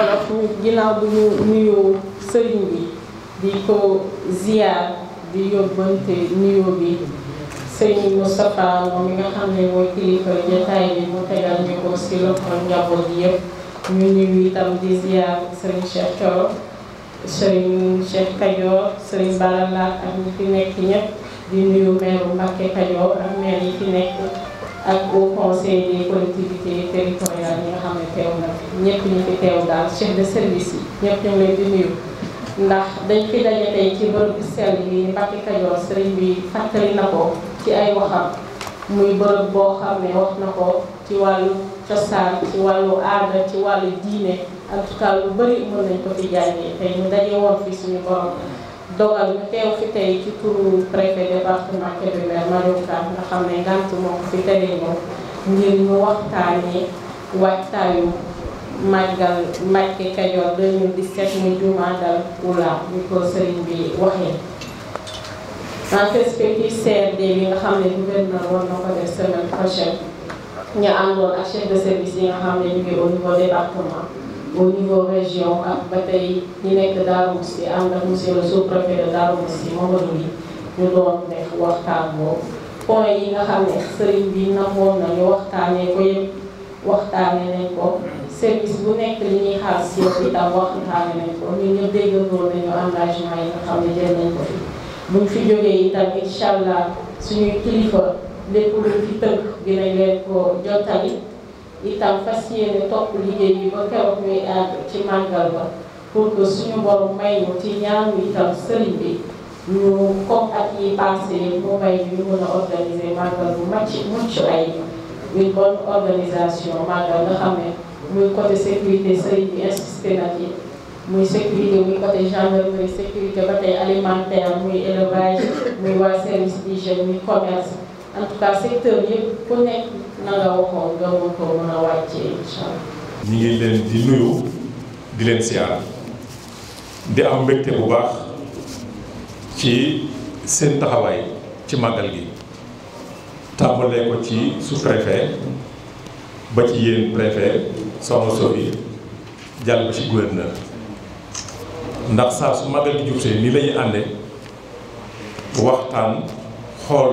olof ñu ginnaaw bu ñu nuyoo sëriñ bi di ko ziyaar di yóbbante nuyoo bi sëriñ Moustapha moom mi nga xam ne mooy kilifa jataay bi mu tegal ñu ko si njaboot yëpp ñu nuyu itam di ziyaar sëriñ Cheikh Thioro sëriñ Cheikh Kajoor sëriñ Balala ak ñi fi nekk ñëpp di nuyu meeru Mbacke Kajoor ak meer yi fi nekk ak au conseil des collectivités territoriales yi nga xam ne teew na ñëpp ñu fi teew daal chef de service yi ñëpp ñu leen di nuyu ndax dañ fi daje tey ci bërëb sell yi Mbàkke Kajoor sëriñ bi fàttali na ko ci ay waxam muy bërëb boo xam ne wax na ko ci wàllu cosaan ci wàllu aada ci wàllu diine en lu bëri mën nañ ko fi jàngee tey ñu daje woon fii suñu borom dogal ñu teew fi tey ci turu préfet département Kébémer Mario Kane nga xam ne ngant moo ko fi teree ngir ñu waxtaanee waajtaayu màggal Mbacke Kadior 2017 muy Jumaadal Wulaam ñu ko sëriñ bi waxee. en perspective CRD bi nga xam ne gouverneur war na ko def semaine prochaine ñu àndoon ak chef de service yi nga xam ne ñu ngi au niveau département. au niveau région ak ba tey ñi nekk Darou Mousty ànd ak monsieur le sous-préfet de Darou Mousty Mamadou Ly ñu doon def waxtaan boobu point yi nga xam ne sëriñ bi nangoon na ñu waxtaanee ko yëpp waxtaanee nañ ko service bu nekk li ñuy xaar si yow itam waxtaanee nañ ko ñun ñëpp déggandoo nañu engagement yi nga xam ne jël nañ ko fi buñ fi jógee itam incha allah suñuy kilifa lépp luñ fi tënk dinañ leen ko jottali. itam fas yéene topp liggéey yi ba keroog ñuy àgg ci màggal ba pour que suñu may ñu ci ñaanu itam sëriñ bi ñu comme at yi passé mu may ñu mën a organiser màggal bu màcc mucc ay organisation màggal nga xam ne muy côté sécurité sëriñ bi insisté na ci muy sécurité muy côté gendarmerie sécurité ba tey alimentaire muy élevage muy waa service d'hygiène muy commerce en tout cas secteur yëpp ku nekk. na ñu ngi leen di nuyu di leen siyaar di am mbégte bu baax ci seen taxawaay ci màggal gi tàmbalee ko ci su préfet ba ci yéen préfet soxna Sofi jàll ba ci gouverneur ndax saa su màggal gi jubsee nii la ñuy àndee waxtaan xool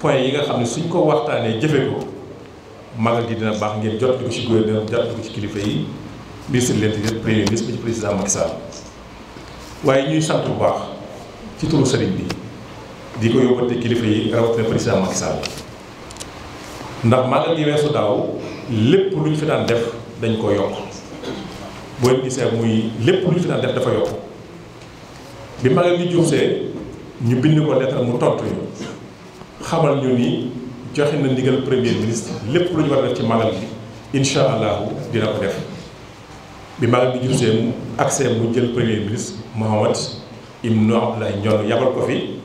point yi nga xam ne suñ ko waxtaanee jëfe ko magal gi dina baax ngeen jot ko ci gouverneur jot ko ci kilifa yi ministre de l'intérieur premier ministre ba ci président Macky Sall waaye ñuy sant bu baax ci turu sëriñ bi di ko yóbbante kilifa yi rawatina président Macky Sall ndax magal gi weesu daaw lépp lu ñu fi daan def dañ ko yokk boo leen gisee muy lépp lu ñu fi daan def dafa yokk bi magal gi jubsee ñu bind ko lettre mu tontu ñu xamal ñu ni joxe na ndigal premier ministre lépp lu ñu war a def ci magal bi incha allahu dina ko def bi magal bi jub seen accès mu jël premier ministre Mohamad Ibn Abdoulaye Nione yabal ko fi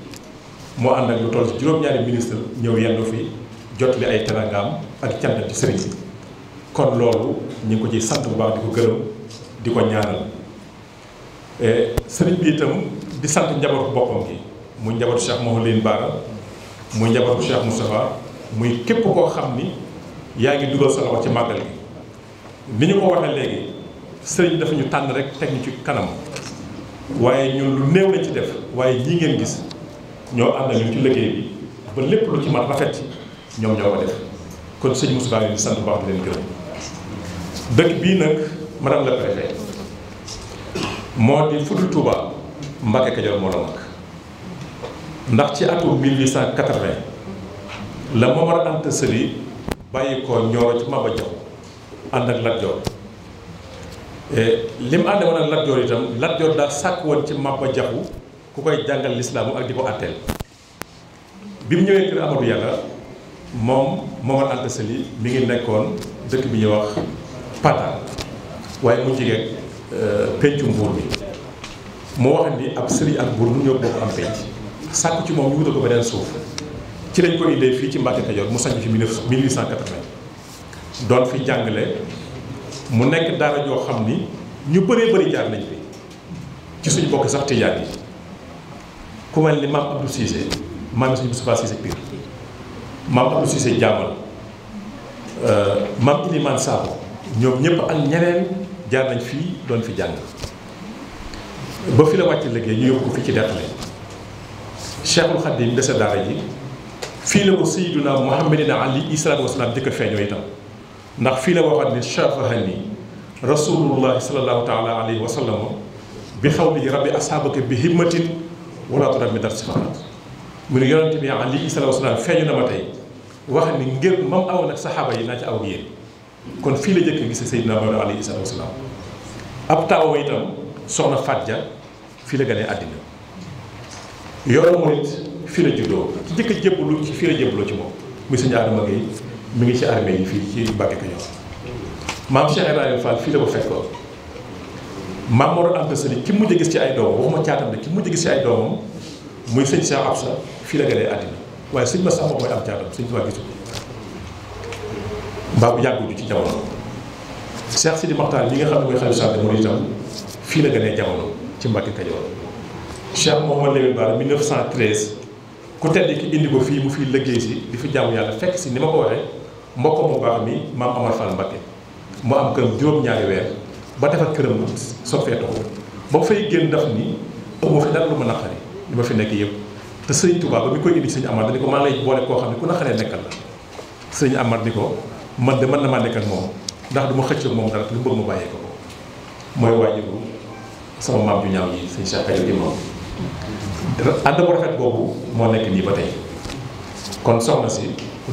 moo ànd ak lu toll juróom-ñaari ministre ñëw yendu fi jot jotli ay teraangaam ak cantam ci sëriñ bi kon loolu ñu ngi ko ci sant bu baax di ko gërëm di ko ñaanal e, sëriñ bi itam di sant njabootu boppam gi mu njabootu Cheikh Mawlin mu njabootu muy képp koo xam ni yaa ngi dugal sa ci màggal gi ni ñu ko waxee léegi sëriñ dafa ñu tànn rek teg ñu ci kanam waaye ñun lu néew lañ ci def waaye ñii ngeen gis ñoo ànd ñu ci liggéey bi ba lépp lu ci mat rafet ci ñoom ñoo ko def kon sëñ Moussa di sant bu di leen gërëm dëkk bii nag madame la préfet moo di fuddu Touba Mbacké Kadior moo la mag ndax ci atum 1880 la Momar Anta Sali bàyyi ko ñooro ci Maba Jaw ànd ak Lat Joor li mu ànd woon ak Lat Joor itam Lat Joor sàkk woon ci Maba Jaxu ku koy jàngal lislaamu ak di ko àtteel bi mu ñëwee kër Amadou Yàlla moom Momar Anta Sali mi ngi nekkoon dëkk bi ñuy wax Pata waaye mu jigéen euh, pencu mbuur bi moo wax ni ab sëriñ ak buur mu ñëw bokk am penc sàkk ci moom ñu wutal ko beneen suuf ci lañ ko indee fii ci Mbacke Kajoor mu sañ fi 1880 doon fi jàngale mu nekk daara joo xam ni ñu bëree bari jaar nañ fi ci suñu bokk sax tijaan yi ku mel ni maam Abdou Cissé maam suñu Moustapha Cissé Pire maam Abdou Cissé euh, ñoom ñëpp ak ñeneen jaar nañ fii doon fi jàng ba fi la wàcc liggéey ñu yóbbu ko fi ci Derklé Cheikhul Khadim dese daara ji fii la ko sayyiduna muhammadin ali salaatu wasalaam jëkk a feeñoo itam ndax fii la waxaat ne shafahani rasulullahi salallahu taala alayhi wa sallama bi xawlihi rabbi asaabaka bi himmatin wala turam mi dar sifaat mu ne yonente bi ali salaatu wasalaam feeñu na ma tey wax ni ngir mam aw nag saxaaba yi naa ci aw ak yéen kon fii la jëkk a gise sayyiduna muhammad alayhi salaatu wasalaam ab taawa itam soxna Fadja fii la gane àddina yoonu murit fii la juddoo ci njëkk a ci fii la ci moom muy sëñ Adama Gueye mi ngi ci armée yi fii ci Mbacke Kajoor maam Cheikh Ibrahima Fall fii la ko fekkoon maam Mor Anta ki mujj a gis ci ay doomam waxuma caatam de ki a muy sëñ Cheikh fii la gënee àddina waaye sëñ Massa ci jamono Cheikh Sidi Mokhtar nga xam ne mooy xalifa Sall moo itam fii la gënee jamono ci Mbacke Kajoor Cheikh Mouhamadou Lamine Bara 1913 ku tedd ki indi ko fii mu fiy liggéey si di fi jaamu yàlla fekk si ni ma ko waxee mbokk mu baax mi maam Amar Fall Mbacké mu am këram juróom-ñaari weer ba defar këram soppeeku ba mu fay génn daf ni amu fi dara lu ma fi nekk yëpp te sëñ Touba ba mi koy indi sëñ Amar dañu ko maa lay koo xam ne ku naqaree nekkal la sëñ Amar ni ko man de mën na maa nekk ak moom ndax du ma xëccoog moom dara lu mu ma bàyyee ko mooy waajuru sama maam ju ñaaw yi sëñ Cheikh Aliou ànd bu rafet boobu moo nekk nii ba tey kon soxna si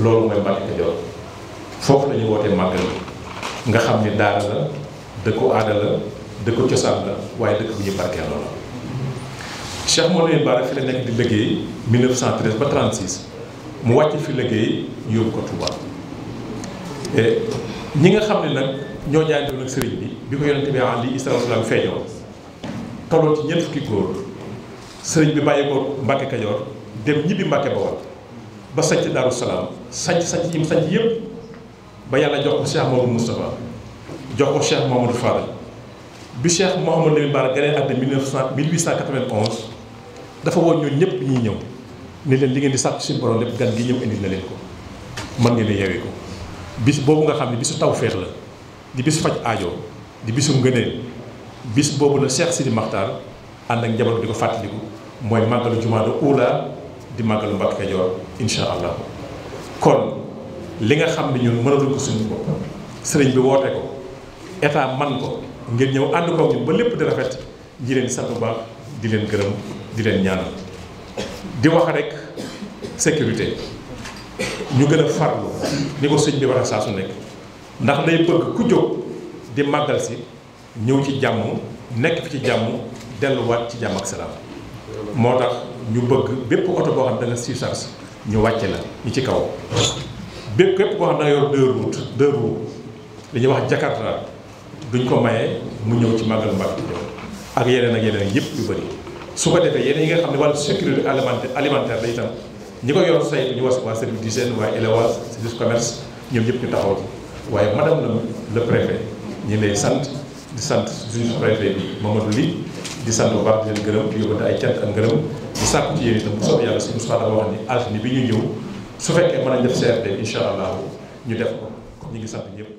loolu mooy Mbàkke Kajoor foofu la ñu wootee màggal nga xam ni daara la dëkku aada la dëkku cosaan la waaye dëkk bu ñu barkeeloo la Cheikh Mawlana Bara fi la nekk di liggéey 1913 ba 36 mu wàcc fi liggéey yóbbu ko Touba e, ñi nga xam ne nag ñoo jaayante woon ak sëriñ bi bi ko yonente bi ali isra wasalaam feeñoo tolloo ci ñeent fukki góor sëriñ bi bàyyi ko Mbàkke Kajoor dem ñibbi Mbàkke Bawol ba sàcc Daaru Salaam sàcc sàcc yi mu sàcc yépp ba yàlla jox ko Cheikh Mamadou Moustapha jox ko Cheikh Mamadou Fadal bi Cheikh Mouhamadou Lamine Bara gane àddina 1891 dafa woon ñun ñëpp ñuy ñëw ne leen li ngeen di sàcc suñu borom lépp gan gi ñëw indi na leen ko mën ngeen a yeewee ko bis boobu nga xam ne bisu tawféex la di bisu faj aajo di bisu ngëneel bis boobu la Cheikh Sidi Makhtar and ak njaboot di ko moy mooy juma do uula di màggalu Mbàkke jor insha allah kon li nga xam ni ñun mënatul ko suñu bop sëriñ bi woote ko état man ko ngir ñew and ko ñun ba lepp di rafet di leen sattu ba di leen gërëm di leen ñaan di wax rek sécurité ñu gëna farlu ni ko sëñ bi wara sa su nek ndax day bëgg ku jóg di magal ci ñew ci jamm nek fi ci jamm delluwaat ci jàmm ak salaam moo tax ñu bëgg bépp oto boo xam da nga surcharge ñu wàcce la ñu ci kaw bépp képp koo xam da yor deux routes deux ñuy wax jakarta duñ ko maye mu ñëw ci màggal Mbàkke ak yeneen ak yeneen yëpp yu bëri su ko defee yeneen yi nga xam ne wàllu sécurité alimentaire alimentaire la itam ñi ko yor saytu ñu was waa service d'hygiène waa élevage service commerce ñoom ñëpp ñu taxaw waaye madame le préfet ñi lay sant di sant suñu préfet bi Mamadou Ly di sant bu baax di leen gërëm di yóbbante ay cant ak ngërëm di sàkku ci yéen itam bu soobee yàlla suñu soxla wax ni altine bi ñuy ñëw su fekkee mën a def CRD incha allah ñu def ko ñu ngi sant ñëpp.